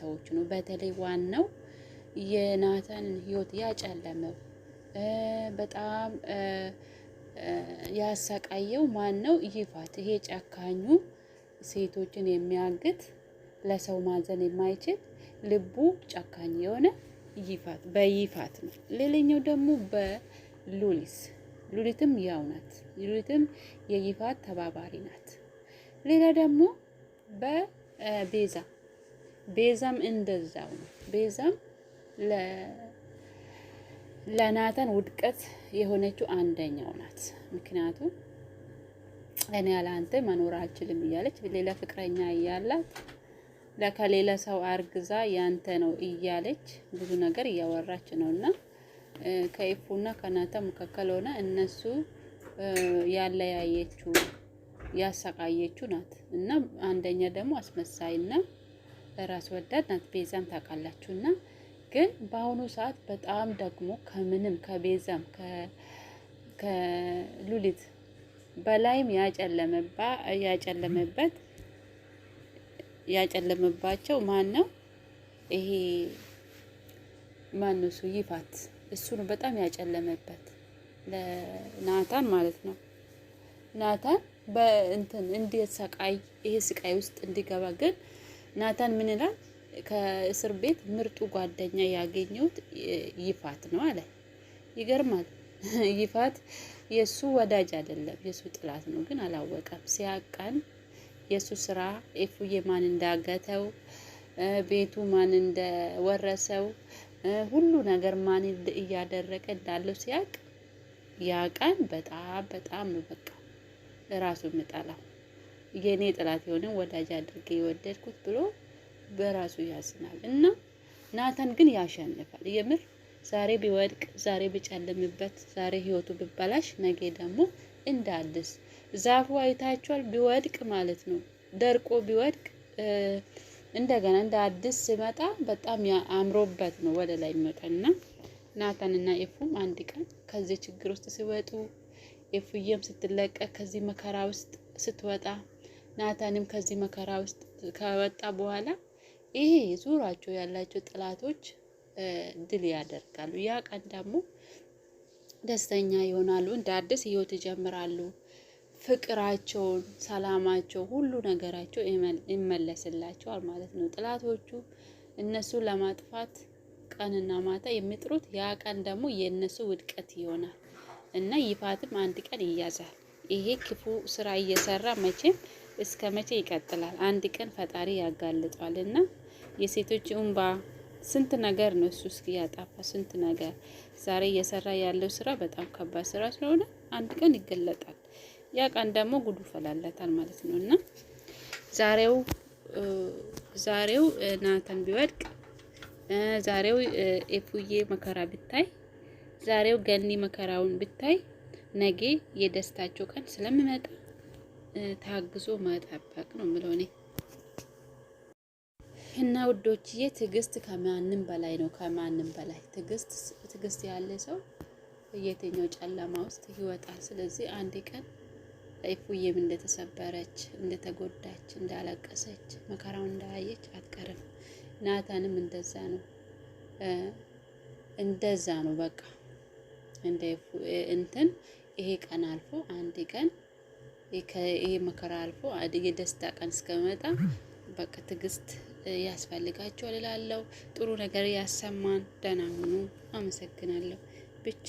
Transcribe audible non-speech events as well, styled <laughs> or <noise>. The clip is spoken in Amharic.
ሰዎች ነው። በተለይ ዋናው የናታን ህይወት ያጨለመው በጣም ያሰቃየው ማን ነው? ይፋት። ይሄ ጨካኙ ሴቶችን የሚያግት ለሰው ማዘን የማይችል ልቡ ጨካኝ የሆነ ይፋት በይፋት ነው። ሌላኛው ደግሞ በሉሊስ ሉሊትም ያው ናት። ሉሊትም የይፋት ተባባሪ ናት። ሌላ ደግሞ በቤዛ ቤዛም እንደዛው ነው። ቤዛም ለናታን ውድቀት የሆነችው አንደኛው ናት። ምክንያቱም እኔ ያለአንተ መኖር አልችልም እያለች ሌላ ፍቅረኛ እያላት ከሌላ ሰው አርግዛ ያንተ ነው እያለች ብዙ ነገር እያወራች ነው እና ከኢፉና ከናታ መካከል ሆነ እነሱ ያለያየችው ያሰቃየችው ናት እና አንደኛ ደግሞ አስመሳይና ራስ ወዳድ ናት። ቤዛም ታውቃላችሁና ግን በአሁኑ ሰዓት በጣም ደግሞ ከምንም ከቤዛም ከሉሊት በላይም ያጨለመበት ያጨለመባቸው ማን ነው? ይሄ ማን እሱ ይፋት እሱ ነው በጣም ያጨለመበት ለናታን ማለት ነው። ናታን በእንትን እንዲሰቃይ ይሄ ስቃይ ውስጥ እንዲገባ ግን ናታን ምን ይላል? ከእስር ቤት ምርጡ ጓደኛ ያገኘሁት ይፋት ነው አለ። ይገርማል። <laughs> ይፋት የሱ ወዳጅ አይደለም፣ የሱ ጥላት ነው። ግን አላወቀም። ሲያቃን የሱ ስራ ኤፉዬ ማን እንዳገተው፣ ቤቱ ማን እንደወረሰው፣ ሁሉ ነገር ማን እያደረገ እንዳለው ሲያቅ ያቃን በጣም በጣም ነው በቃ ራሱ ምጠላው የኔ ጥላት የሆነ ወዳጅ አድርጌ የወደድኩት ብሎ በራሱ ያዝናል እና ናታን ግን ያሸንፋል። የምር ዛሬ ቢወድቅ፣ ዛሬ ቢጨልምበት፣ ዛሬ ህይወቱ ቢበላሽ፣ ነገ ደግሞ እንደ አዲስ ዛፉ አይታችኋል። ቢወድቅ ማለት ነው ደርቆ ቢወድቅ እንደገና እንደ አዲስ ሲመጣ በጣም አምሮበት ነው ወደ ላይ የሚወጣና ናታንና ኤፉም አንድ ቀን ከዚህ ችግር ውስጥ ሲወጡ ኤፉዬም ስትለቀቅ ከዚህ መከራ ውስጥ ስትወጣ ናታንም ከዚህ መከራ ውስጥ ከወጣ በኋላ ይሄ ዙራቸው ያላቸው ጥላቶች ድል ያደርጋሉ። ያ ቀን ደግሞ ደስተኛ ይሆናሉ፣ እንደ አዲስ ህይወት ይጀምራሉ። ፍቅራቸውን፣ ሰላማቸው፣ ሁሉ ነገራቸው ይመለስላቸዋል ማለት ነው። ጥላቶቹ እነሱ ለማጥፋት ቀንና ማታ የሚጥሩት ያ ቀን ደግሞ የእነሱ ውድቀት ይሆናል እና ይፋትም አንድ ቀን ይያዛል። ይሄ ክፉ ስራ እየሰራ መቼም እስከ መቼ ይቀጥላል? አንድ ቀን ፈጣሪ ያጋልጧል። እና የሴቶች እንባ ስንት ነገር ነው እሱ እስኪ ያጣፋ ስንት ነገር ዛሬ እየሰራ ያለው ስራ በጣም ከባድ ስራ ስለሆነ አንድ ቀን ይገለጣል። ያ ቀን ደግሞ ጉዱ ፈላላታል ማለት ነው እና ዛሬው ዛሬው ናተን ቢወድቅ ዛሬው ኤፉዬ መከራ ብታይ ዛሬው ገኒ መከራውን ብታይ ነገ የደስታቸው ቀን ስለሚመጣ ታግሶ መጠበቅ ነው የምለው እኔ እና ውዶችዬ፣ ትዕግስት ከማንም በላይ ነው። ከማንም በላይ ትዕግስት ትዕግስት ያለ ሰው የትኛው ጨለማ ውስጥ ይወጣል። ስለዚህ አንድ ቀን እፉዬም እንደተሰበረች፣ እንደተጎዳች፣ እንዳለቀሰች፣ መከራውን እንዳያየች አትቀርም። ናታንም እንደዛ ነው እንደዛ ነው በቃ እንደ እንትን ይሄ ቀን አልፎ አንድ ቀን ይሄ መከራ አልፎ ደስታ ቀን እስከመጣ በቃ ትዕግስት ያስፈልጋቸዋል እላለሁ። ጥሩ ነገር ያሰማን። ደህና ሁኑ። አመሰግናለሁ ብቻ